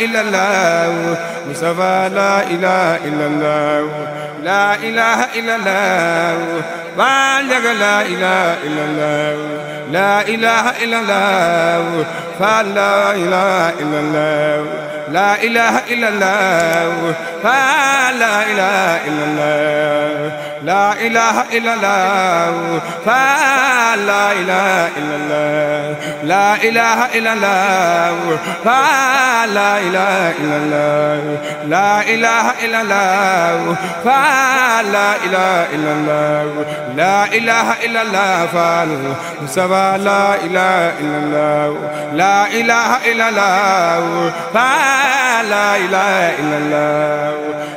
إلا الله مصطفى لا إله إلا الله لا إله إلا الله وانجك لا إله إلا الله لا إله إلا الله فلا إله إلا الله لا إله إلا الله فلا إله إلا الله لا إله إلا الله فلا إله إلا الله لا إله إلا الله فلا إله إلا الله لا إله إلا الله فلا إله إلا الله لا إله إلا الله فال سبا لا إله إلا الله لا إله إلا الله فلا إله إلا الله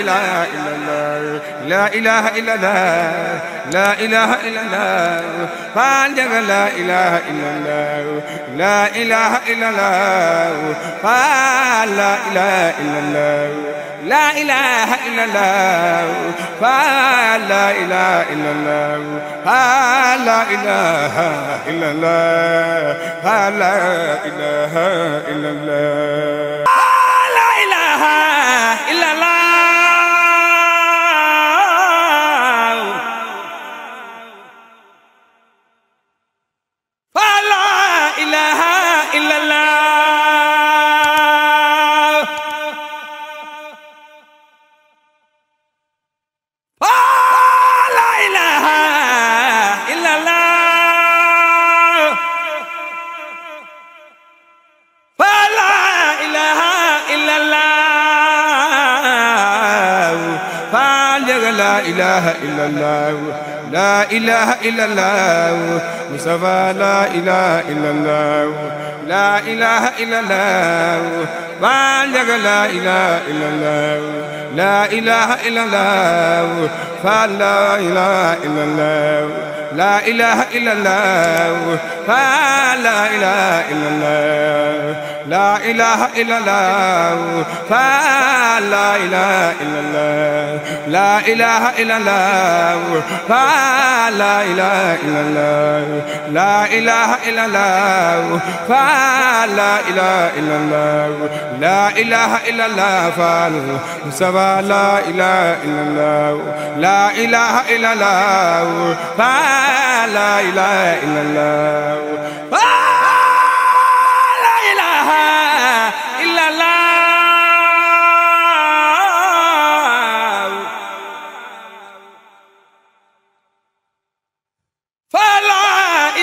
إله إلا الله لا إله إلا الله لا إله إلا الله فانجغ لا إله إلا الله لا إله إلا الله فان لا إله إلا الله لا إله إلا الله فلا إله إلا الله فلا إله إلا الله فلا إله إلا الله إله إلا الله لا إله إلا الله مصطفى لا إله إلا الله لا إله إلا الله بالغ لا إله إلا الله لا إله إلا الله فلا إله إلا الله لا إله إلا الله فلا إله إلا الله لا إله إلا الله فلا إله إلا الله لا إله إلا الله فلا إله إلا الله لا إله إلا الله فلا إله إلا الله لا إله إلا الله فال سبا لا إله إلا الله لا إله إلا الله فلا إله إلا الله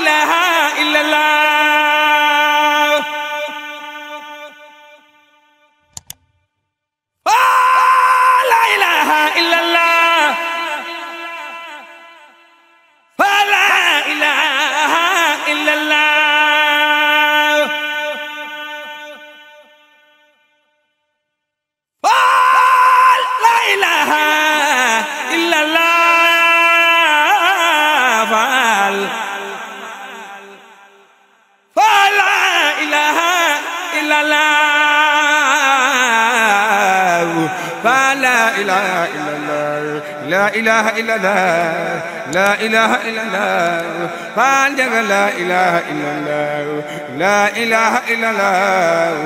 ilaha لا إله إلا الله لا إله إلا الله فانجغ لا إله إلا الله لا إله إلا الله لا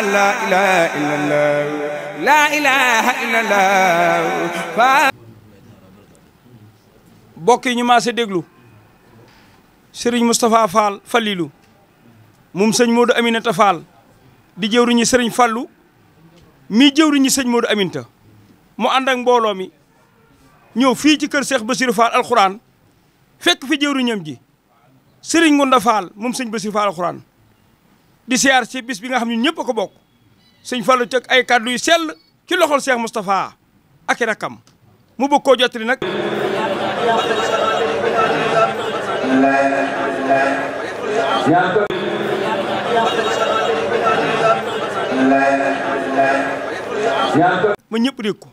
إله إلا الله لا إله إلا الله bokk yi ñu maa si déglu Serigne Moustapha Fall Falilou moom sëñ Modou Aminata Fall di jëwriñu sëriñ Fallou mi jëwriñu sëñ Modou Aminta mu ànd ak mbooloo mi ñëw fii ci kër Cheikh Bassirou Fall alxuraan fekk fi jëwriñam ji sëriñ Ngunda Fall moom sëñ Bassirou Fall alxuraan di siyaar ci bis bi nga xam ne ñëpp a ko bokk sëñ Fallou teg ay kàddu yu sell ci loxol Cheikh Moustapha ak i mu bëgg koo jottali nag. ma ñëpp dégg ko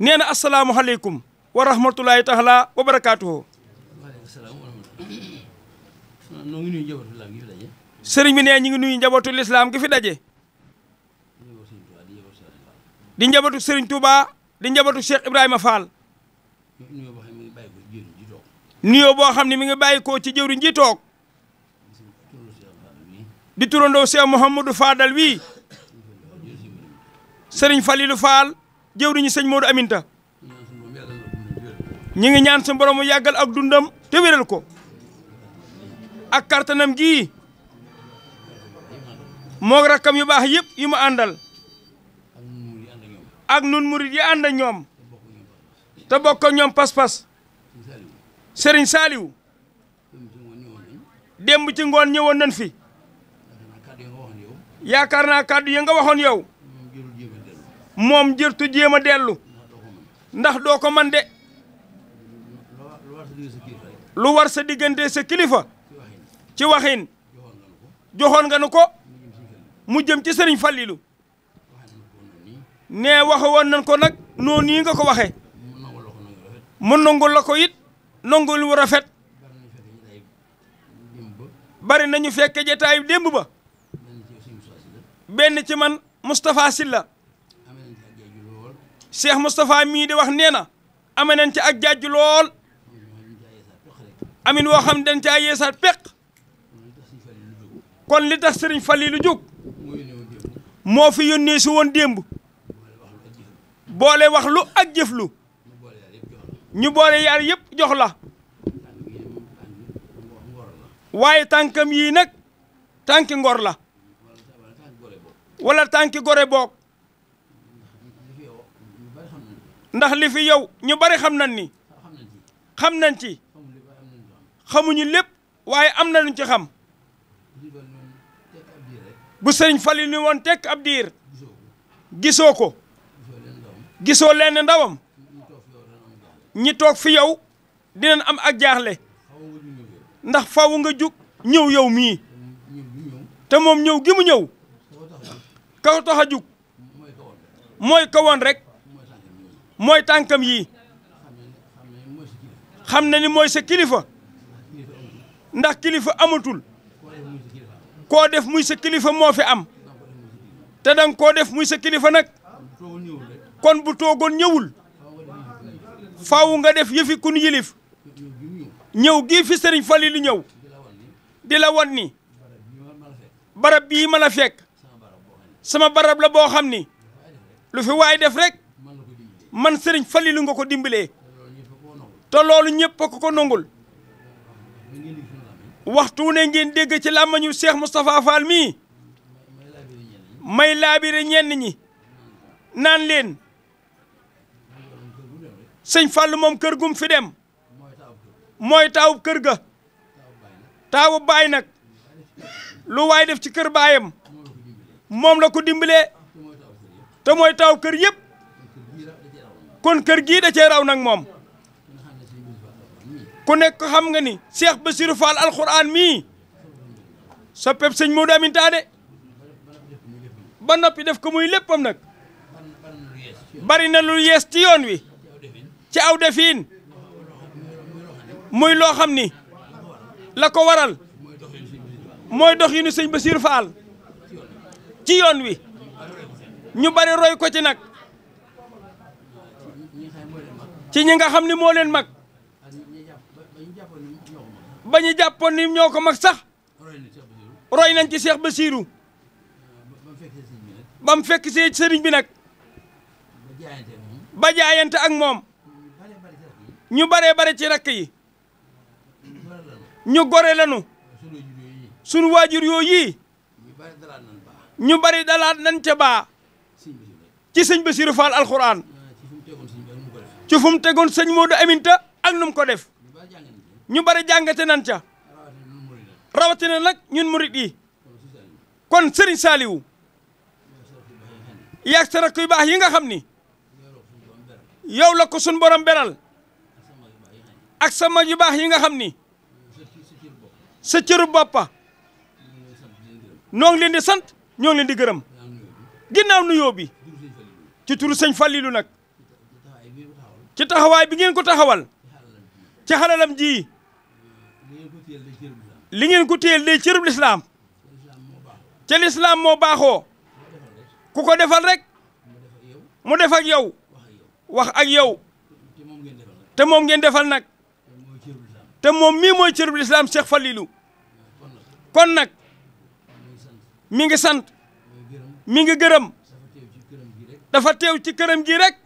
nee na asalaamualeykum wa rahmatulahi taala wa barakaatuhu. sëriñ bi nee ñu ngi nuyu njabootu lislaam gi fi daje. di njabootu sëriñ Touba di njabootu Cheikh Ibrahima Fall. nuyoo boo xam ne mi ngi bàyyi ci jëwriñ ji toog. di turandoo Cheikh Mouhamadou Fadal wii. sëriñ Falilou Fall jëwriñu sëñ Modou Aminta ñi ngi ñaan sa borom mu yàggal ak dundam te ko ak kartanam gii moog rakkam yu baax yëpp yu mu àndal ak nun murid yi ànd ak ñoom te ñoom pas-pas sëriñ Saliou démb ci ngoon ñëwoon nañ fi yaakaar naa kàddu yi nga waxoon yow moom jërtu jéem a dellu ndax doo ko man de lu war sa diggante sa kilifa ci waxin joxoon nga nu ko mu jëm ci sëriñ Fallilou ne waxe woon nañ ko nag noonu yi nga ko waxe mu nangul la ko it nangul wu rafet bari nañu fekk jataay démb ba benn ci man Moustapha silla Cheikh Moustapha mii de wax nee na ame nañ ci ak jàjj lool amin woo xam dañ caa yeesaat peq kon li tax sëriñ Faliilu jóg moo fi yónnee si woon démb boole wax lu ak jëf lu ñu boole yaar yëpp jox la waaye tànkam yii nag tànki ngor la wala tànki gore boog ndax li fi yow ñu bari xam nañ ni xam nañ ci xamuñu lépp waaye am na luñ ci xam bu sëriñ fali woon tekk ab diir gisoo ko gisoo leen ndawam ñi toog fi yow dinañ am ak jaaxle ndax faw nga jóg ñëw yow mii te moom ñëw gi mu ñëw kaw tax a jug mooy kawoon rek mooy tànkam yi xam na ni mooy sa kilifa ndax kilifa amatul koo def muy sa kilifa moo fi am te danga koo def muy sa kilifa nag kon bu toogoon ñëwul faaw nga def yëfi kun yilif ñëw gii fi sëriñ Faliilu ñëw di la wan ni barab bii ma fekk sama barab la boo xam ni lu fi waay def rek man sëriñ Falilu nga ko dimbalee te loolu ñëpp a ko ko nangul waxtu ne ngeen dégg ci làmmañu Cheikh Moustapha Fall mii may laabire ñenn ñi naan leen sëñ Fall moom kër gum fi dem mooy taawub kër ga taawu baay nag lu waay def ci kër baayam moom la ko dimbalee te mooy taawub kër yëpp kon kër gii da cee raw nag moom ku nekk xam nga ni Cheikh Bassirou Fall alxuraan mii soppeeb sëñ Modou Aminta de ba noppi def ko muy léppam nag bari na lu yees ci yoon wi ci aw defiin muy loo xam ni la ko waral mooy dox yi nu sëñ Bassirou Fall ci yoon wi ñu bari roy ko ci nag ci ñi nga xam ni moo leen mag ba ñu jàppoon ni ñoo ko mag sax roy nañ ci seex Bassirou ba mu fekk see sëriñ bi nag ba jaayante ak moom ñu baree bare ci rakk yi ñu gore lanu sunu waajur yooyu ñu bari dalaat nañ ca baa ci sëñ Bassirou Fall alxuraan ci fu mu tegoon sëñ Modou Aminta ak nu mu ko def ñu bari jàngate nan ca rawatina nag ñun murit yi kon sëriñ Saliou yaag rakk yu baax yi nga xam ni yow la ko suñ borom beral ak sa mag yu yi nga xam ni sa cëru boppa noo ngi leen di sant ñoo ngi di gërëm ginnaaw nuyoo bi ci turu sëñ Fallilou nag ci taxawaay bi ngeen ko taxawal ci xalalam ji li ngeen ko téyel day cërub lislaam ca lislaam moo baaxoo ku ko defal rek mu def ak yow wax ak yow te moom ngeen defal nag te moom mii mooy cërub lislaam Cheikh Falilou kon nag mi ngi sant mi ngi gërëm dafa teew ci këram gi rek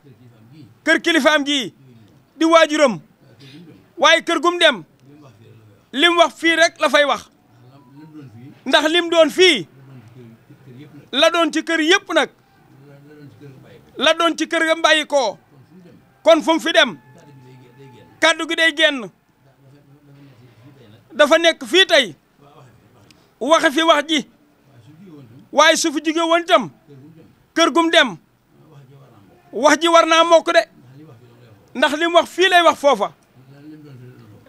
kër kilifaam gi di waajuram waaye kër gum dem lim wax fii rek la fay wax ndax lim doon fii la doon ci kër yëpp nag la doon ci kër ga mbàyyi kon fu fi dem kàddu gi day génn dafa nekk fii tey waxe fi wax ji waaye su fi jóge woon itam kër gum dem wax ji war naa mokk de ndax li wax fii lay wax foofa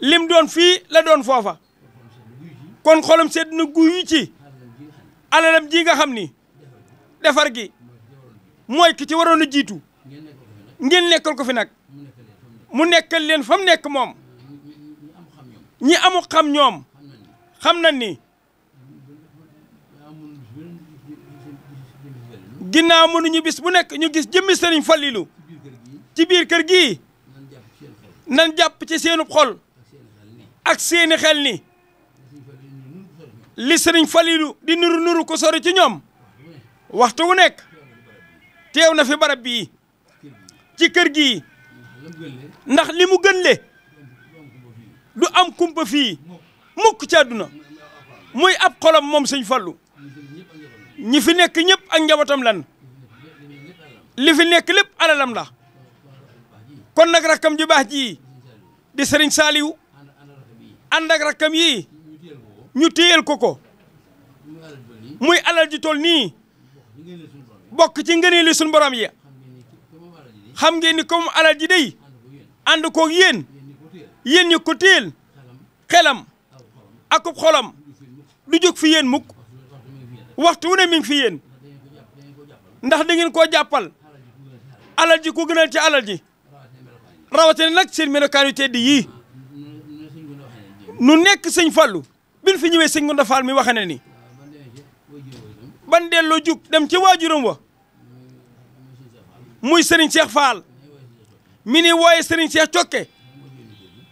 lim doon fii la doon foofa kon xolam sedd na guyu ci alalam ji nga xam ni defar gi mooy ki ci waroon a jiitu ngeen nekkal ko fi nag mu nekkal leen fa mu nekk moom ñi amu xam ñoom xam na ni ginnaaw mënuñu bis bu nekk ñu gis jëmmi sëriñ Fallilu ci biir kër gi nan jàpp ci seenub xol ak seeni xel ni li sëriñ Falilu di nuru nuru ko sori ci ñoom waxtu wu nekk teew na fi barab bii ci kër gii ndax li mu gën le du am kumpa fii mukk ci àdduna muy ab xolam moom sëñ Fallu ñi fi nekk ñëpp ak njabootam lan li fi nekk lépp alalam la kon nag rakkam ji baax ji di sëriñ Saaliw ànd ak rakkam yii ñu téyel ko ko muy alal ji toll nii bokk ci ngëneeli suñu borom yi xam ngeen ni comme alal ji day ànd koog yéen yéen ñu ko xelam ak xolam du jóg fi yéen mukk waxtu wu ne mi ngi fi yéen ndax da ngeen koo jàppal alal ji ku gënal ci alal ji rawatina nag seen melokaan yu tedd yii nu nekk sëñ Fallou bil fi ñëwee sëñ Gunda Fall mi waxe ne ni ban delloo jub dem ci waajuram wa muy Serigne Cheikh Fall mi ni wooye Serigne Cheikh Cokke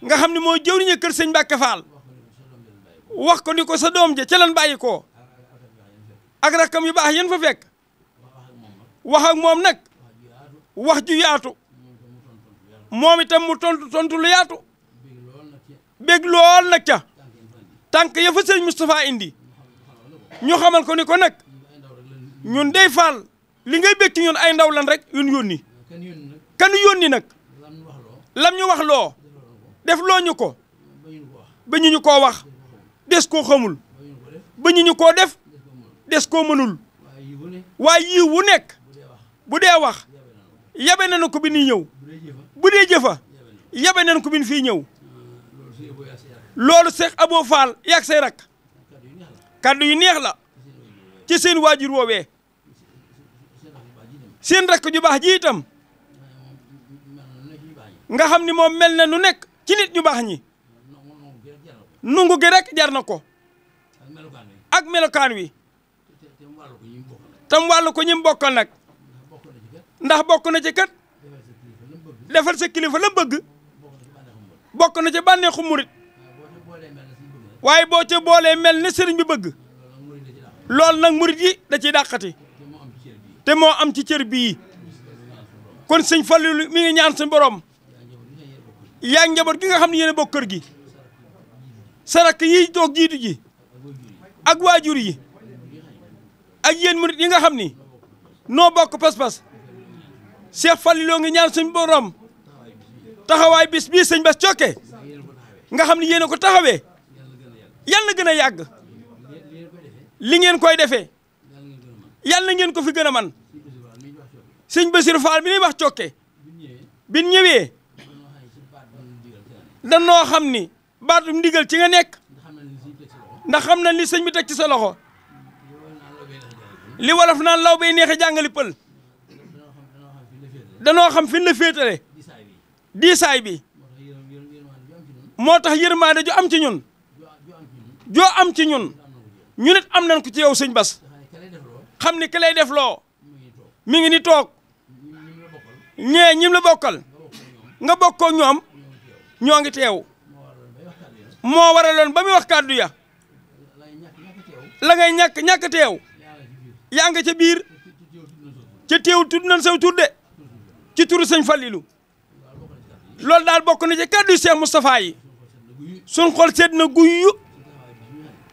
nga xam ne moo jëwriñu kër sëñ Mbacke Fall wax ko ni ko sa doom ja ca lan bàyyi koo ak rakkam yu baax yéen fa fekk wax ak moom nag wax ju yaatu moom itam mu tontu tontu lu yaatu bég lool nag ca tànk ya fa sëñ indi ñu xamal ko ni ko nag ñun day faal li ngay bég ci ñun ay ndaw lan rek yun yónni kan yónni nag lam ñu wax loo def loo ñu ko ba ñu ñu koo wax des koo xamul ba ñu ñu koo def des koo mënul waaye yiw wu nekk bu dee wax yabe na na ko bi ni ñëw bu dee jëfa yabe nañ ko bin fii ñëw loolu Cheikh Abo Fall yàgg say yu neex la ci seen waajur woowee seen rakk ju baax ji itam nga xam ni moom mel na nu nekk ci nit ñu baax ñi nungu gi rek jar na ko ak melokaan wi tam wàllu ko ñi bokkal nag ndax bokk na ci kat defal sa kilifa la bëgg bokk na ca bànneexu murit waaye boo ca boolee mel ne sëriñ bi bëgg loolu nag murit yi da ciy dàqati te moo am ci cër bii kon sëñ Fallu mi ngi ñaan suñ borom yaa njaboot gi nga xam ne yéen a bokk kër gi sarak yi toog jiitu ji ak waajur yi ak yéen murit yi nga xam ni noo bokk pas-pas Cheikh Fallu ngi ñaan suñ borom taxawaay bis bii sëñ Bass Thiocké nga xam ni yéen a ko taxawee yàlla na gën a yàgg li ngeen koy defee yàlla na ngeen ko fi gën a man sëñ Bassirou Fall bi ñuy wax Thiocké bin ñëwee danoo xam ni baatum ndigal ci nga nekk ndax xam na li sëñ bi teg ci sa loxo li wolof naan law bay neexe jàngali pël danoo xam fi ñu la féetale diisaay bi moo tax yërmaande ju am ci ñun joo am ci ñun ñu am nañ ko ci yow sëñ Bas xam ni ki lay def loo mi ngi ni toog ñee ñim la bokkal nga bokkoo ñoom ñoo ngi teew moo waraloon ba muy wax kàddu ya la ngay ñàkk ñàkk teew yaa nga ca biir ca teew tudd nañ saw tur de ci turu sëñ Fallilou loolu daal bokk na ci kàddu Cheikh Moustapha yi suñ xol seet na guyyu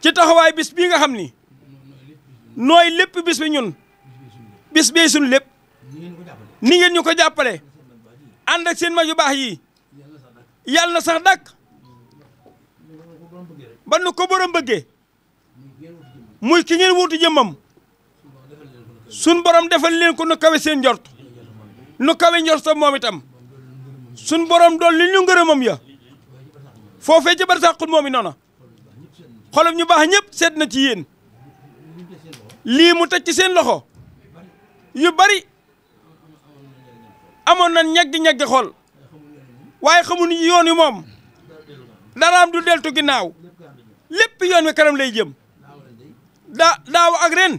ci taxawaay bis bii nga xam ni nooy lépp bis bi ñun bis bee suñ lépp ni ngeen ñu ko jàppale ànd ak seen mag yu baax yi yàlla na sax dàkk ba nu ko borom bëggee muy ki ngeen wuutu jëmmam suñ borom defal leen ko nu kawe seen njort nu kawe njort moom itam suñ borom dool li ñu ngërëmam ya foofee ci barsàqul moom i noona xolam ñu baax ñëpp seet na ci yéen lii mu teg ci seen loxo yu bari amoon na ñaggi-ñaggi xool waaye xamuñu yoon wi moom daraam du deltu ginnaaw lépp yoon wi kanam lay jëm daa daaw ak ren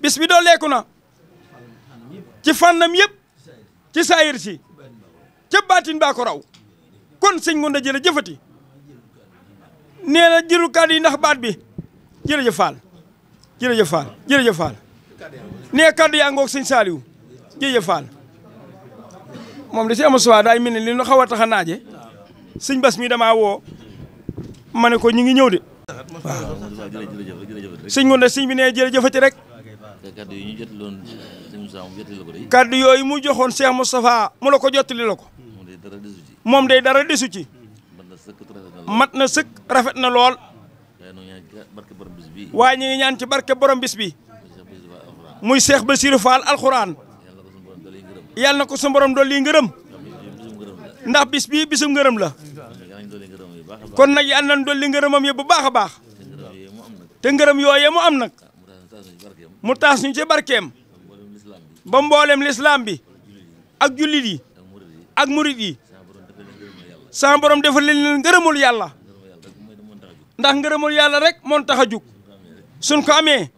bis bi doo leeku na ci fànnam yëpp ci saayir si ca baatin baa ko raw kon sëñ Ngounda jërë jëfati nee na jëru kàddu yi ndax baat bi jërëjëf Fall jërëjëf Fall jërëjëf Fall nee kàddu yaa ngoog sëñ Saliou jërëjëf Fall moom da si ama suwaa daay mel ne li nu xaw a tax a naaje sëñ Bas mi damaa woo ko ñu ngi ñëw de waaw sëñ Ngounda sëñ bi nee jërëjëfati rek kàddu yooyu mu joxoon Cheikh Moustapha mu la ko jottali la ko moom day dara desu ci mat na sëkk rafet na lool waaye ñu ngi ñaan ci barke borom bis bi muy Cheikh Bassirou Fall alxuraan yàlla na ko su borom dool lii ngërëm ndax bis bii bisum ngërëm la kon nag yàlla na dool li ngërëmam yi bu baax a baax te ngërëm yooyee mu am nag mu taas ñu ci barkeem ba mboolem lislaam bi ak jullit yi ak murit yi sama borom defal leen ngërëmul yàlla ndax ngërëmul yàlla rek moon tax a jug suñ ko amee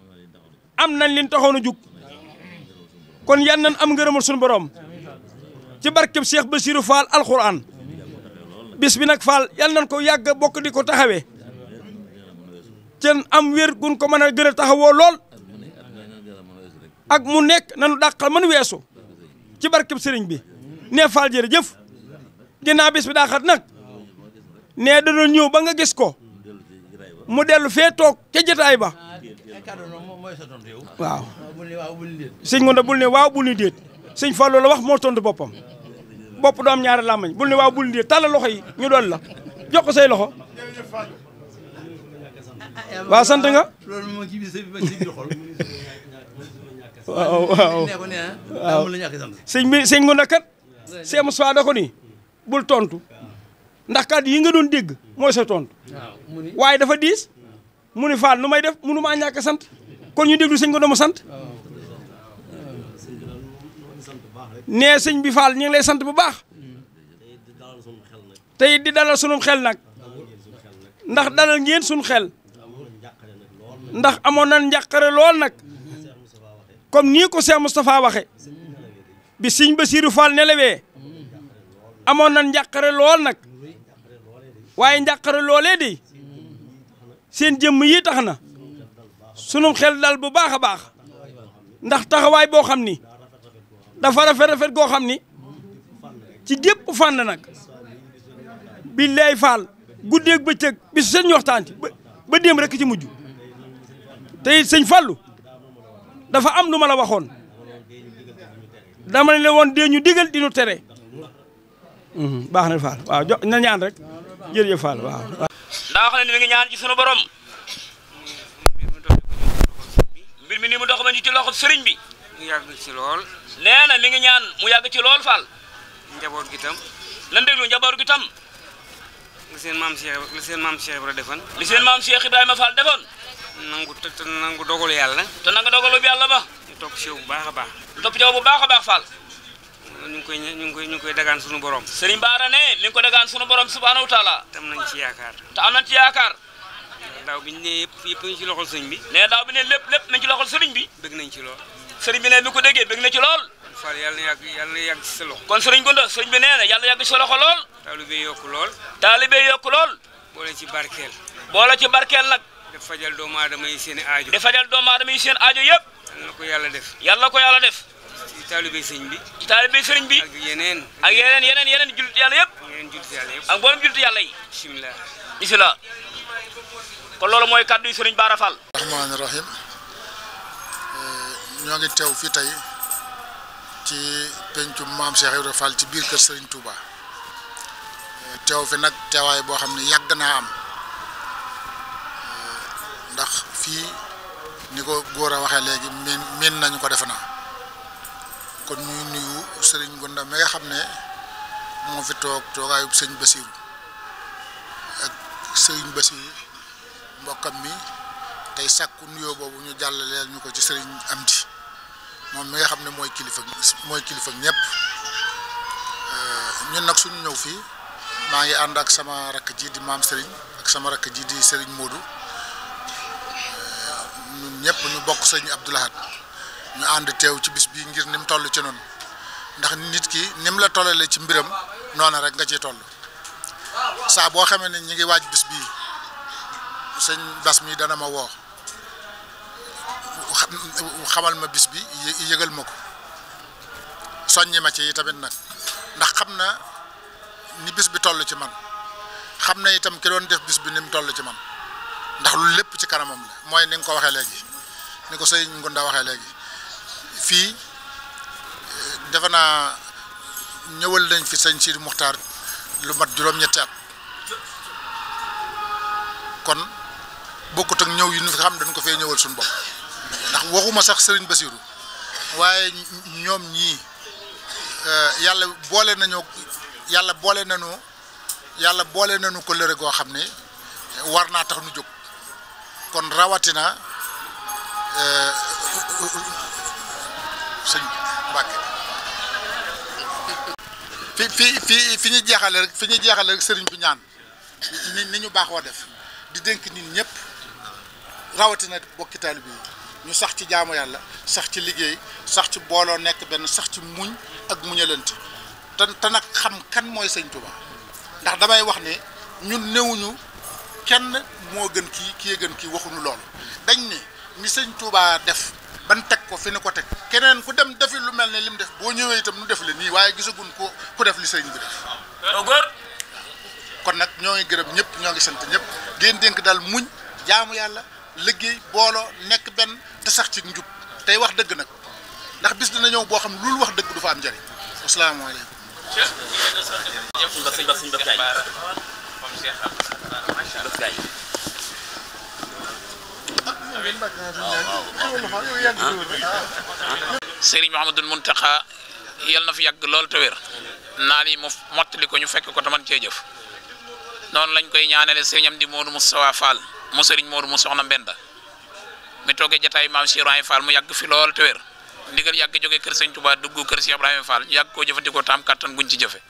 am nañ liñ taxoon a jug kon yan nañ am ngërëmul suñu ci ci barkeb Cheikh Bassirou Fall alxuraan bis bi nag Fall yal nañ ko yàgg bokk di ko taxawee cen am wér gun ko mën a gën taxawoo lool ak mu nekk nanu dàqal man weeso ci barkeb sëriñ bi nee Fall jërëjëf ginnaaw bis bi daa xat nag nee da doon ba nga gis ko mu dellu fee toog ca jotaay ba waaw sëñ bul ne waaw bul ni déet sëñ Fallou la wax moo tontu boppam bopp du am ñaari làmmañ bul ne waaw bul ni déet tàllal loxo yi ñu doon la jox ko say loxo waaw sant nga waaw waaw waaw sëñ Cheikh Moussa da ko ni bul tontu ndax kàddu yi nga doon dégg mooy sa tontu waaye dafa diis mu ni faal nu may def munu maa ñàkk sant kon ñu déglu sëñ ko doomu sant nee sëñ bi faal ñu lay sant bu baax te it di dalal sunum xel nag ndax dalal ngeen suñ xel ndax amoon nan njàqare lool nag comme nii ko Cheikh Moustapha waxe bi sëñ Basiiru Fall nelawee amoon na njàqare lool nag waaye njàqare loolee de seen jëmm yi tax na sunum xel dal bu baax a baax ndax taxawaay boo xam ni dafa rafet rafet goo xam ni ci gépp fànn nag billaay Fall guddeeg bëccëg bi su seen waxtaan ba démb rek ci mujj te it sëñ Fallu dafa am lu ma la waxoon. dama ne woon dee ñu digal di ñu tere. Mhm, baax na Fall waaw na ñaan rek jërëjëf Fall waaw. ndax wax na ni mi ngi ñaan ci sunu borom. mbir mi ni mu dox ma ñu ci loxo sëriñ bi. mu ci lool. nee na mi ngi ñaan mu yàgg ci lool Fall. njaboot gi tam. lan déglu njaboot gi tam. li seen maam Cheikh li seen maam Cheikh Ibrahima defoon. li seen maam Cheikh Ibrahima Fall defoon. nangu te nangu dogalu yàlla. te nangu dogalu bi yàlla ba. topp ci yow bu baax a baax topp ci bu baax a baax Fall ñu ngi koy ñu ngi koy ñu ngi koy dagaan sunu borom Serigne Bara ne mi ngi ko dagaan sunu borom subhanahu wa taala te am nañ ci yaakaar te am nañ ci yaakaar daaw bi ñu ne yëpp yëpp ngi ci loxol sëriñ bi ne daaw bi ne lépp lépp nañ ci loxol sëriñ bi bëgg nañ ci lool sëriñ bi ne mi ko déggee bëgg na ci lool Fall yàlla na yàgg yàlla na yàgg ci sa loxo kon sëriñ Gunda sëriñ bi nee na yàlla yàgg ci sa loxo lool taalibe yokku lool taalibe yokku lool boole ci barkeel boole ci barkeel nag dafajal doomu aadama seen aajo dafajal doomu aadama yi seen aajo yëpp yàlla ko yàlla def yàlla ko yàlla def ci taalibe sëriñ bi ci bi ak yeneen ak yeneen yeneen yeneen jullit yàlla yëpp yeneen jullit yàlla jullit yàlla yi kon loolu mooy kàddu yi sëriñ Bara Fall rahmaani eh, ñoo ngi teew fi tey ci pencu maam Cheikh Ibrahima ci biir kër Serigne Touba eh, teew fi nag teewaay boo xam ne yàgg naa am eh, ndax fii ni ko góor a waxee léegi miin miin nañu ko defe naa kon ñuy nuyu sëriñ Gunda mi nga xam ne moo fi toog toogaayub sëñ Basiiru ak sëriñ Basiir mbokkam mi tey sàkku nuyoo boobu ñu jàllaleel ñu ko ci sëriñ am Amdi moom mi nga xam ne mooy kilifa mooy kilifa ñëpp euh, ñun nag suñu ñëw fii maa ngi ànd ak sama rakk jii di maam sëriñ ak sama rakk jii di sëriñ Modou. ñun ñu bokk sëñ Abdou Lahad ñu ànd teew ci bis bii ngir ni mu toll ci noonu ndax nit ki nim la tollalee ci mbiram noona rek nga ciy toll saa boo xamee ne ñu ngi waaj bis bii sëñ Bas mi dana ma woo xamal ma bis bi yëgal ma ko soññi ma ci tamit nag ndax xam na ni bis bi toll ci man xam na itam ki doon def bis bi ni mu toll ci man ndax lu lépp ci kanamam la mooy ni nga ko waxee léegi ni ko sëñ Ngunda waxee léegi fii eh, defe naa ñëwal nañ fi sëñ Sidi Muxtaar lu mat juróom-ñetti at kon bokkut ak ñëw yi ñu fi xam dañ ko fee ñëwal suñu bopp ndax waxuma sax sëriñ Basiiru waaye ñoom ñii yàlla boole nañoo yàlla boole nañu yàlla boole nañu ko lëre goo xam ne war naa tax nu jóg kon rawatina. Euh, sëñ Mbàkke fi fi fi fi ñu jeexale rek fi sëriñ bu ñaan ni ni ñu baaxoo def di dénk nit ñëpp rawatina bokki taalibe bi ñu sax ci jaamu yàlla sax ci liggéey sax ci booloo nekk benn sax ci muñ ak muñalante te te nag xam kan mooy sëñ Tuubaa ndax damay wax ni ñun newuñu kenn moo gën ki ki gën kii waxuñu loolu dañ ne ni sëñ Touba def ban teg ko fi ni ko teg keneen ku dem defi lu mel ne lim def boo ñëwee itam nu def la nii waaye gisagun ko ku def li sëñ bi def kon nag ñoo ngi gërëm ñëpp ñoo ngi sant ñëpp ngeen dénk daal muñ jaamu yàlla liggéey booloo nekk benn te sax ci njub tey wax dëgg nag ndax bis dina ñëw boo xam ne loolu wax dëgg du fa am njëriñ asalaamaaleykum sëñ Bass sëñ Bass sëñ Bass Gaye sëriñ Serigne Mouhamadou Mountakha yal na fi yàgg lool te wér yi mu mottali ko ñu fekk ko taman cee jëf noonu lañ koy ñaanale Serigne am di Modou Moustapha Fall mu Serigne Modou mu soxna Mbenda mi toogee jataay maam Cheikh Ibrahima Fall mu yàgg fi lool te wér ndigal yàgg jógee kër Serigne Touba dugg kër Cheikh Ibrahima Fall ñu yàgg koo jëfandikoo tam kattan guñ ci jëfe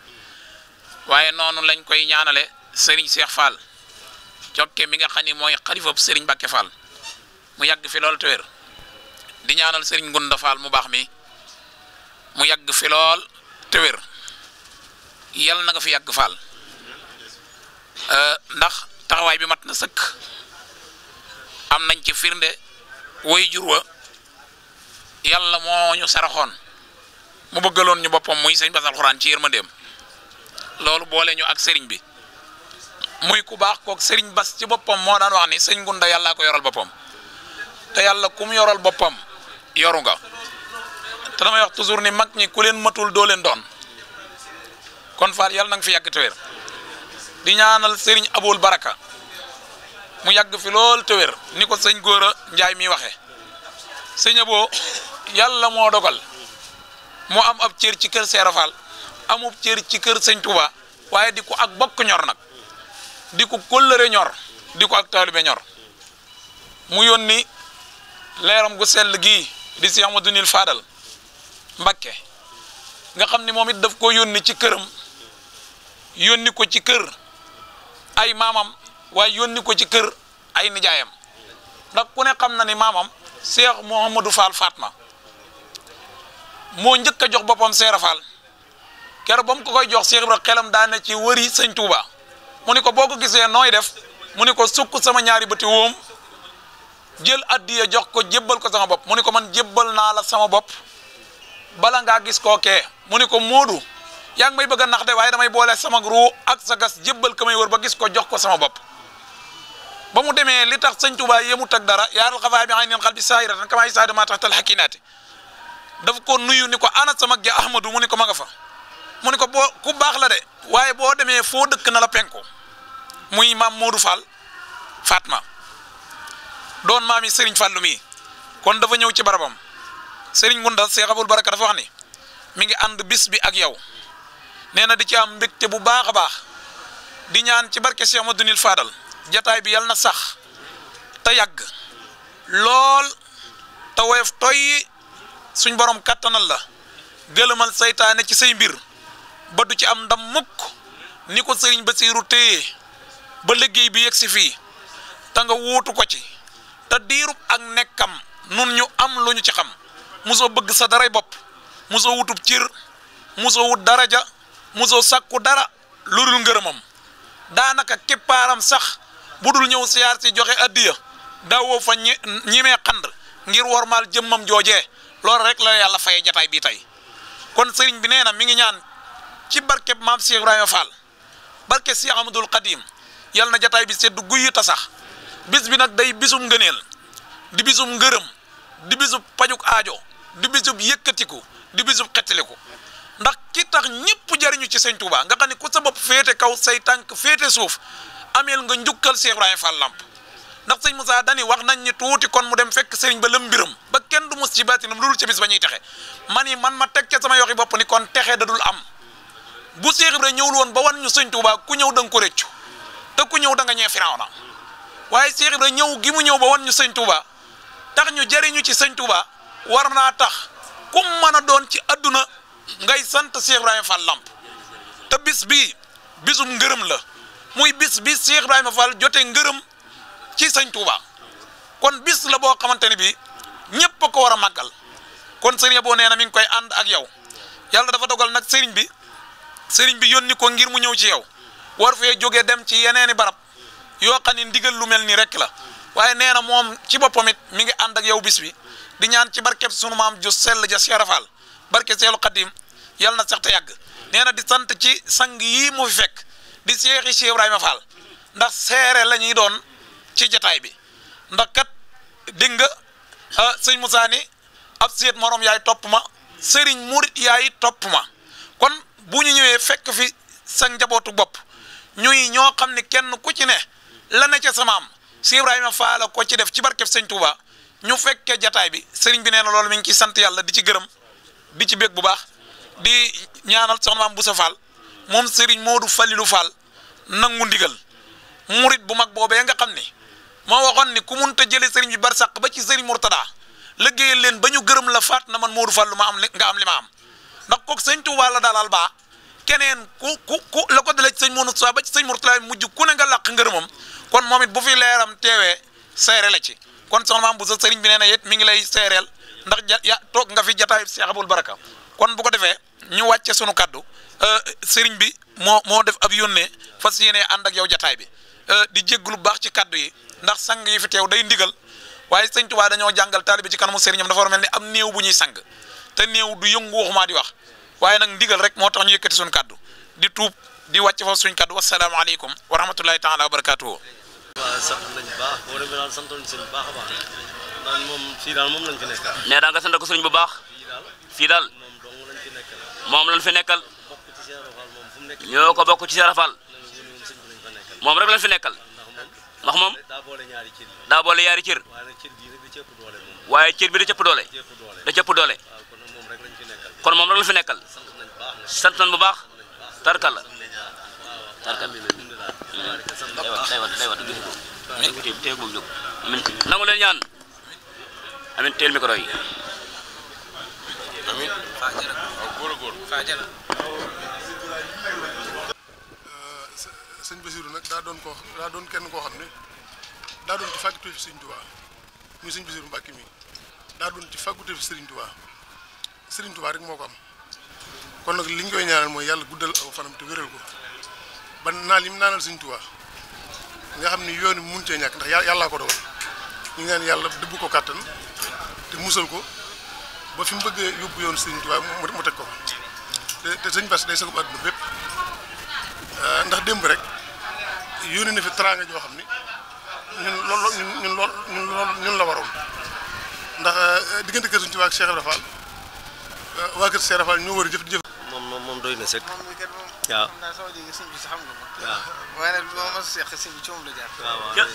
waaye noonu lañ koy ñaanale sëriñ Cheikh Fall jokke mi nga xam ni mooy xalifab Serigne Bakke Fall. mu yàgg fi lool te di ñaanal sëriñ Gunda Faal mu baax mi mu yàgg fi lool te wér yal na nga fi yàgg faal euh, ndax taxawaay bi mat na sëkk am nañ ci firnde woy jur wa yàlla moo ñu saraxoon mu bëggaloon ñu boppam muy sëñ Bass alxuraan ci yërmandeem loolu boole ñu ak sëriñ bi muy ku baax kook sëriñ Bass ci boppam moo daan wax ni sëñ Gunda yàllaa ko yoral boppam te yàlla ku mu yoral boppam yoru nga te damay wax toujours ni mag ñi ku leen matul doo leen doon kon faal yàlla nang fi yàgg te wér di ñaanal Serigne Aboul Baraka mu yàgg fi lool te ni ko sëñ Gora Njaay mi waxe sëñ Abo yàlla moo dogal moo am ab cër ci kër Seera Faal amub cër ci kër sëñ Touba waaye di ko ak bokk ñor nag di ko kóllëre ñor di ko ak taalibe ñor mu yónni leeram gu sell gii di Cheikh Ahmadou Nil Fadal Mbakke nga xam ni moom it daf ko yónni ci këram yónni ko ci kër ay maamam waaye yónni ko ci kër ay nijaayam ndax ku ne xam na ni maamam Cheikh Mouhamadou faat ma moo njëkk a jox boppam Seera Fall keroog ba mu ko koy jox Cheikh Ibra xelam daa ci wëri sëñ Touba mu ne ko boo ko gisee nooy def mu ne ko sukk sama ñaari bëti woom jël addiya jox ko jébbal ko sama bopp mu ni ko man jébbal naa la sama bopp bala ngaa gis kookee mu ni ko moodu yaa ngi may bëgg a nax de waaye damay boole sama ruu ak sa gas jébbal ka may wër ba gis ko jox ko sama bopp ba mu demee li tax sëñ Tuubaa yemut ak dara yaaral xafaay bi ay neen xal bi saahiratan kamaa yushaahidu maa tahtal hakiinaati daf ko nuyu ni ko ana sama gi Ahmadu mu ni ko ma nga fa mu ni ko boo ku baax la de waaye boo demee foo dëkk na la penko muy maam Modou Fall Fatma doon maam yi Serigne Fallou mii kon dafa ñëw ci barabam sëriñ Ngunda Cheikh Abul Baraka ni mi ngi ànd bis bi ak yow nee na di ci am mbégte bu baax a baax di ñaan ci barke Cheikh Madunil Fadal jataay bi yal na sax te yàgg lool te woyof toy suñ borom kattanal la gëlëmal seytaane ci say mbir ba du ci am ndam mukk ni ko Serigne Basiiru téye ba liggéey bi yegg si fii te nga wuutu ko ci. te diiru ak nekk am nun ñu am lu ñu ci xam mosoo bëgg sa daray bopp mosoo wutub cir mosoo wut daraja musóo sàkku dara lu dul ngërëmam daanaka képpaaram sax bu dul ñëw siyaar si joxe addiya daawoo fa ñi ñimee xand ngir wormaal jëmmam jooje loolu rek la yàlla fayee jataay bi tey kon sëriñ bi nee na mi ngi ñaan ci barkeb maam Cheikh Ibrahima Fall barke Cheikh Amadou Khadim yal na jataay bi seddu guy ta sax bis bi nag day bisum ngëneel di bisum ngërëm di bisub pajuk aajo di bisub yëkkatiku di bisub xettaliku ndax ki tax ñëpp jariñu ci sëñ Touba nga xam ne ku sa bopp féete kaw say tànk féete suuf ameel nga njukkal Cheikh Ibrahima Fall Lamp ndax sëñ Moussa dani wax nañ ni tuuti kon mu dem fekk sëriñ ba lëm mbiram ba kenn du mus ci baatinam loolu ca bis ba ñuy texe man yi man ma teg ca sama yoxi bopp ni kon texe da dul am bu Cheikh Ibrahima ñëwul woon ba wan ñu sëñ Touba ku ñëw da nga ko réccu te ku ñëw da nga ñee Firawna waaye Cheikh Ibra ñëw gi mu ñëw ba wan ñu sëñ Touba tax ñu jëriñu ci sëñ Touba war naa tax ku mën a doon ci adduna ngay sant Cheikh Ibrahima Fall Lamp te bis bii bisum ngërëm la muy bis bi Cheikh Ibrahima Fall jote ngërëm ci sëñ Touba kon bis la boo xamante ne bii ñëpp a ko war a màggal kon sëriñ boo nee na mi ngi koy ànd ak yow yàlla dafa dogal nag sëriñ bi sëriñ bi yónni ko ngir mu ñëw ci yow war fee jógee dem ci yeneeni barab. yoo xam ne ndigal lu mel nii rek la waaye nee na moom ci boppam it mi ngi ànd ak yow bis bi di ñaan ci barkeb sunu maam ju sell ja Cheikh Rafal barke seelu Xadim yàlla na sax te yàgg nee na di sant ci sang yii mu fi fekk di seexi Cheikh Ibrahima Fall ndax seere la ñuy doon ci jataay bi ndax kat dégg nga ah, sëñ Moussa ni ab seet morom yaay topp ma sëriñ murit yaay topp ma kon bu ñu ñëwee fekk fi sa njabootu bopp ñuy ñoo xam ne kenn ku ci ne. la ne ca samaam si Ibrahima faala ko ci def ci barkeb sëñ Touba ñu fekkee jataay bi sëriñ bi nee na loolu mi ngi ci sant yàlla di ci gërëm bi ci bég bu baax di ñaanal soxna maam Boussa Fall moom sëriñ Modou Falilou Fall nangu ndigal murit bu mag boobee nga xam ni moo waxoon ni ku munta jëlee sëriñ bi bar sàq ba ci sëriñ Mourtada liggéeyal leen ba ñu gërëm la faat na man Modou Fallou ma am nga am li ma am ndax kook sëñ Touba la dalal baa keneen ku ku ku la ko dalee ci sëñ Mourtada ba sëñ Mourtada mujj ku nga làq ngërëmam kon moom it bu fi leeram teewee seere la ci kon soxna maam bu sa sëriñ bi nee na it mi ngi lay seereel ndax ja toog nga fi jataay Seex Abul Baraka kon bu ko defee ñu wàcce sunu kaddu euh, sëriñ bi moo moo def ab yónnee fas yéenee ànd ak yow jataay bi euh, di jéglu baax ci kaddu yi ndax sang yi fi teew day ndigal waaye sëñ Tuubaa dañoo jàngal taalibe ci kanamu sëriñam dafa war mel ni am néew bu ñuy sang te néew du yëngu waxumaa di wax waaye nag ndigal rek moo tax ñu yëkkati suñu kaddu di tuub di wàcc foofu suñ kaddu wasalaamaaleykum wa rahmatullahi taala wa barakatuhu sant nañ baax boo demee daal sant nañ sëriñ bu baax a baax naan moom fii daal moom lañ nekkal nee daa ko sëriñ ko ci serafal moom rek lañ fi nekkal ndax moom daa boole ñaari waaye cër bi da cëpp doole da cëpp doole kon moom rek lañ fi nekkal sant nañ bu baax tarkala tarkal day wat day wat gisu ko té té moom jóg amin nangu leen ñaan amin teel micro yi amin faajara góor góor faajara sëñ Basiru nag daa doon koo daa doon kenn koo xam ne daa doon ci fàggatu fi sëriñ Tuubaa muy sëñ Basiru ci fàggatu fi sëriñ Tuubaa sëriñ rek moo ko am kon nag li ñu koy mooy yàlla guddal aw fanam te wéral ko ba naan li mu naanal Sëñ Tuubaa nga xam ni yoon wi mun cee ñàkk ndax yàllaa ko dogal ñu ngi naan yàlla dëbb ko kàttan te musal ko ba fi mu bëggee yóbbu yoon Sëñ Tuubaa mu teg ko te te sëñ Bass day sagub àdduna bépp euh, ndax démb rek yónni na fi teraanga joo xam ni ñun lool ñun lool ñun la waroon ndax euh, diggante kër Sëñ Tuubaa ak Cheikh Ibra Fall euh, waa kër Cheikh Ibra Fall war a jëf di jëf doy na sëkk. waaw waaye nag lu ma seq sëñ bi ci moom la jaar. waaw waaw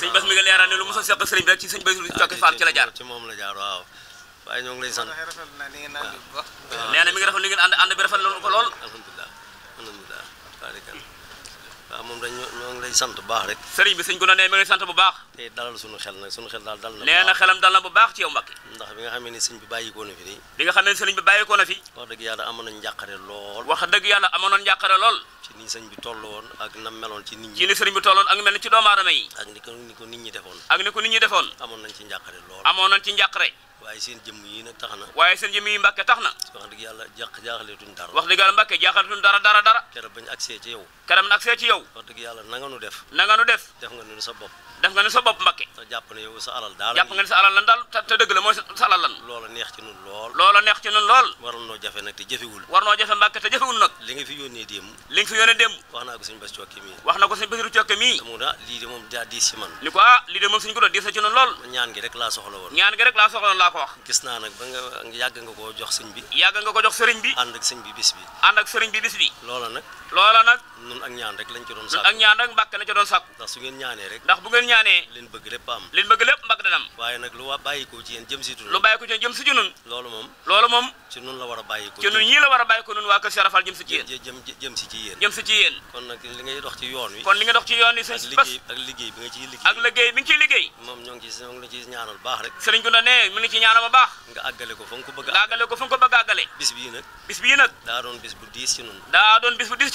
sëñ Bass mi nga leeral ne lu mos a seq sëriñ bi rek ci sëñ Bassirou Mbacké Fall ci la jaar. ci moom la jaar waaw waaye ñoo ngi lay sant. nee na mi ngi rafetlu li ngeen ànd ànd bi rafetlu na ko lool. alhamdulilah alhamdulilah. waaw moom dañ ñoo ngi sant bu baax rek sëriñ bi sëñ Guna ne ma sant bu baax te dalal suñu xel nag suñu xel daal dal na nee na xelam dal bu baax ci yow Mbacke ndax bi nga xamee ni sëñ bi bàyyikoo na fi nii nga xamee ni sëriñ bi bàyyikoo na fi wax dëgg yàlla amoon na njàqare lool yàlla amoon na njàqare lool ci ni sëñ bi toll woon ak na meloon ci nit ñi ci ni sëriñ bi tolloon ak mel ci doomu aadama yi ak ni ko ni ko nit ñi defoon ak ni ko nit ñi defoon amoon nañ ci njàqare lool amoon nañ ci njàqare waaye seen jëmm yiina nag tax na waaye seen jëmm yi mbàkke tax na wax dëgg yàlla jaax jaaxaleetuñ dara wax dëgg yàlla mbàkke jaaxaleetuñ dara dara dara keroog bañ agsee ci yow keroog na agsee ci yow wax dëgg yàlla nanga nu def nanga nu def def nga nu sa bopp def nga ne sa bopp mbakke te jàpp ne yow sa alal daal jàpp nga ne sa alal lan daal te dëgg la mooy sa alal lan loola neex ci nun lool loola neex ci nun lool war noo jafe nag te jafewul war noo jafe mbakke te jafewul nag li nga fi yónnee démb li nga fi yónnee démb wax naa ko suñu wax na ko suñu basiru cokke ah, lii de moom daa diis si man ni ko ah lii de moom suñu ko doon diis ci nun lool ñaan gi rek laa soxla woon ñaan gi rek laa soxla woon laa ko wax gis naa nag ba nga yàgg nga ko jox sëñ bi yàgg nga ko jox sëriñ bi ànd ak sëñ bi bis bi ànd ak sëriñ bi bis bi loola nag loola nag ñun ak ñaan rek lañ ci doon sàkku ñun ak ñaan rek mbàkk na ndax su ngeen rek ndax bu ngeen ñaanee leen bëgg lépp am leen bëgg lépp mbàkk waaye nag lu waa bàyyi ko ci yéen jëm si nun loolu moom loolu moom ci nun la war a ko ci nun ñii la war ko nun waa kër Serafal ci yéen jëm ci yéen jëm ci yéen kon nag li ci yoon wi kon li nga ci yoon wi sëñ bas ak liggéey bi nga ciy ci ñoo ñaanal baax rek sëriñ ko ne mu ngi ci ñaanal ba baax nga àggale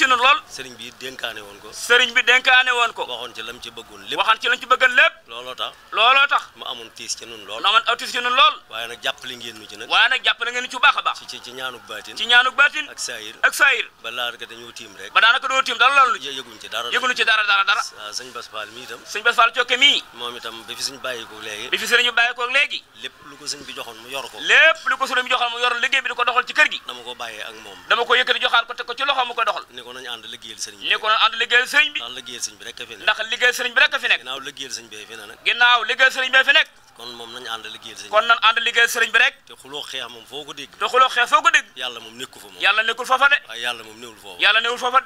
ci nun lool sëriñ bi dénkaane woon ko sëriñ bi dénkaane woon ko waxoon ci lam ci bëggoon lépp waxoon ci lam ci bëggoon lépp looloo tax looloo tax mu amoon tiis ci nun lool mu amoon aw tiis ci nun lool waaye nag jàppale ngeen nu ci nag waaye nag jàppale ngeen nu ci bu baax a baax ci ci ñaanuk baatin ci ñaanuk baatin ak saayir ak saayir ba laanaka dañoo tiim rek ba daanaka doo tiim dara loolu yëguñ ci dara yëguñ ci dara dara dara sëñ Bass Fall mi itam sëñ Bass Fall cokke mii moom itam bi fi sëñ bàyyi ko léegi bi fi sëriñ bi bàyyi ko léegi lépp lu ko sëñ bi joxoon mu yor ko lépp lu ko sëriñ bi joxoon mu yor liggéey bi di ko doxal ci kër gi dama ko bàyyee ak moom dama ko yëkkati jox teg ko ci loxo mu ni ko nañ ànd liggéeyal sëriñ bi ni ko nañ ànd liggéeyal sëriñ bi ndax liggéeyal sëriñ bi rek a fi nekk ndax liggéeyal sëriñ bi rek a fi nekk ginnaaw sëriñ bi fi nekk ginnaaw liggéeyal sëriñ bi fi nekk sëriñ bi rek te xuloo xeex moom foo ko dégg te xuloo xeex foo ko dégg yàlla moom nekku fa moom yàlla nekkul foofa de waaye yàlla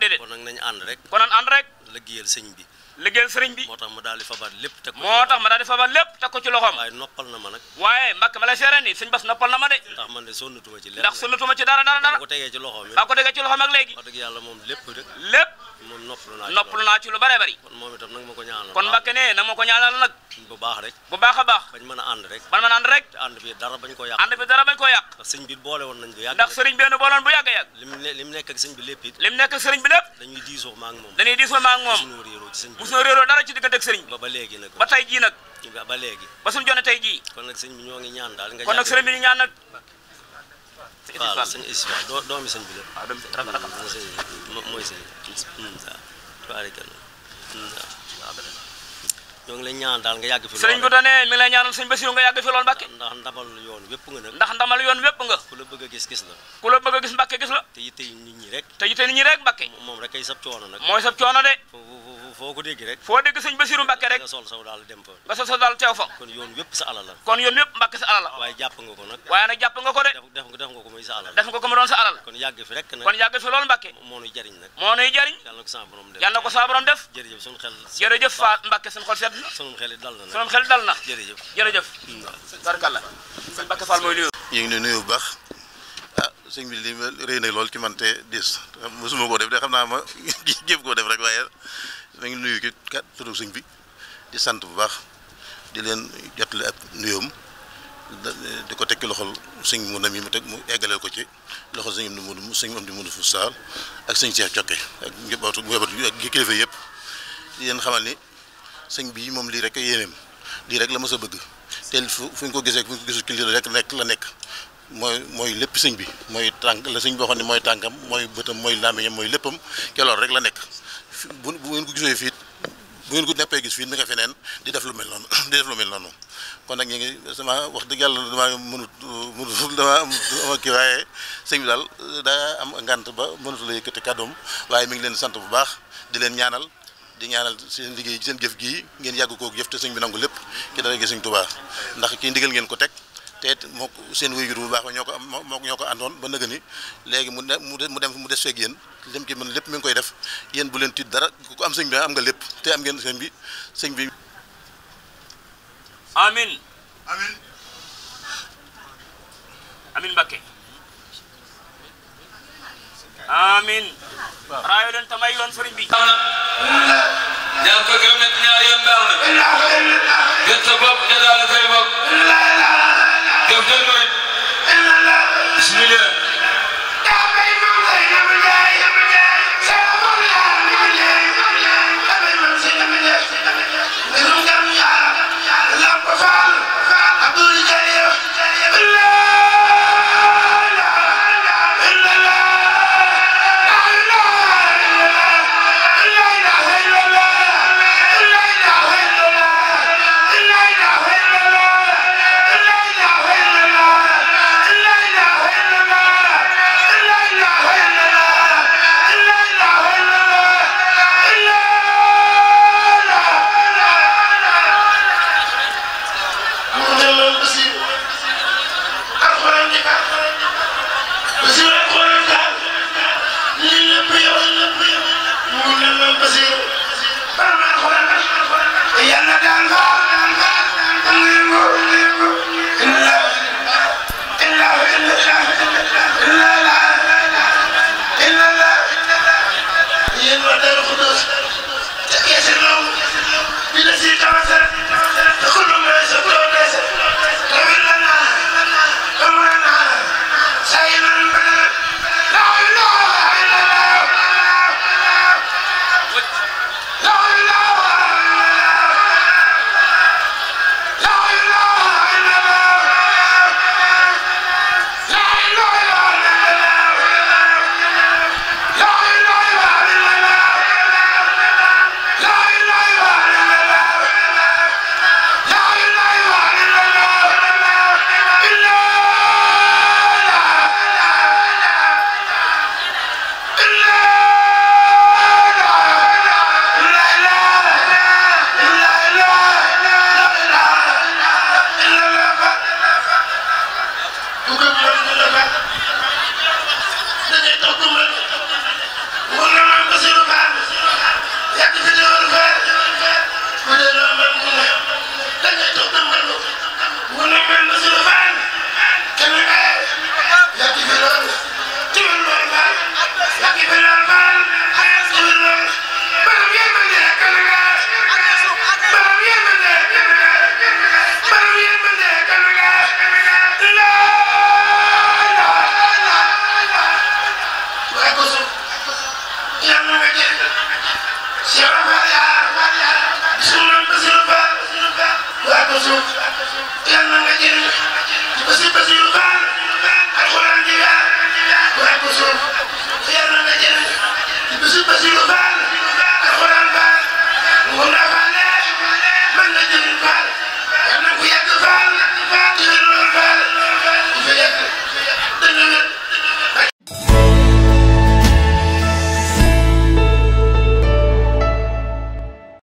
rek kon nañ ànd bi liggéeyal sëriñ bi moo tax ma daal di fabaat lépp teg ko moo tax ma noppal na ma nag waaye mbàkk ma lay ni sëñ bas noppal na ma de ndax man de sonnatuma dara dara dara ba ko tegee ci loxoom ak léegi wax dëgg yàlla rek lépp moom noppalu naa noppalu bare bari kon moom itam nag ma ko ñaanal kon mbàkke ne nag ma ko ñaanal nag bu baax rek bu ko yàq ànd bi dara bañ ko yàq ndax sëñ bi boole woon diisoo maa moom soo réeroo dara ci diggante ak sëriñ ba ba léegi nag ba tey jii nag ba léegi ba suñu jonne tey jii kon nag sëriñ bi ñoo ngi ñaan daal nga kon nag sëriñ bi ñu ñaan nag waaw sëñ Issa Fall doomi sëñ bi la waaw doomi sëñ bi mooy sëñ ñoo ngi lay ñaan daal nga yàgg fi sëriñ bi dane mi ngi lay ñaanal sëñ Bassirou nga yàgg fi lool Mbàkke ndax ndamal yoon wépp nga nag ndax ndamal yoon wépp nga ku la bëgg a gis gis la ku la bëgg a gis Mbàkke gis la te yitte nit ñi rek te yitte nit ñi rek Mbàkke moom rek ay sab coono nag mooy sab coono de foo ko dégg rek foo dégg sëñ Basiru Mbàkke rek nga sol saw daal teew fa kon yoon wépp sa alal la yoon ko nag waaye nag jàpp nga ko de def nga ko muy sa alal def nga ko mu doon sa alal kon yàgg fi na ko sa borom def yàlla na ko sa borom def na na suñu xel dal na jërëjëf mm. baax ah sëñ bi li ma na lool ci man te dis mosuma koo def de xam naa ma jéem koo def rek waaye mi ngi nuyu ci kat turu sëñ bi di sant bu baax di leen jotale ak nuyoom di ko tekki loxol sëñ mu nam yi mu teg mu eggaleel ko ci loxol mu am di mënu sëñ am di mënu fu saal ak sëñ Cheikh Cokke ak njabootu ak kilifa yëpp di leen xamal ni sëñ bi moom lii rek a yéeneem lii rek la mës a bëgg te fu fu ñu ko gisee ko gisul rek nekk la nekk mooy mooy lépp sëñ bi mooy tànk la sëñ boo xam ne mooy tànkam mooy bëtam mooy làmmiñam mooy léppam ca rek la nekk bu ngeen ko gisee fiit bu ngeen ko neppee gis fii mi feneen di def lu mel noonu di def lu mel noonu kon nag ñu ngi sama wax dëgg yàlla damaa mënut mënut damaa am kii waaye sëñ bi daal daa am ngànt ba mënut la yëkkati kàddoom waaye mi ngi leen sant bu baax di leen ñaanal di ñaanal seen liggéey seen jëf gii ngeen yàgg koo jëf te sëñ bi nangu lépp ki dara gi sëñ Tuubaa ndax kii ndigal ngeen ko teg. te it seen wéyjur bu baax ñoo am moo ñoo ko àndoon ba nëgë ni léegi mu ne mu dem mu des feeg yéen lim ci mën lépp mi ngi koy def yéen bu leen tiit dara ku am sëñ bi am nga lépp te am ngeen sëñ bi sëñ bi. amin amin Mbakke amin raayo leen tamay yoon sëriñ bi ñaar yoon baax na jot sa bopp ne daal fay bopp Bismillah.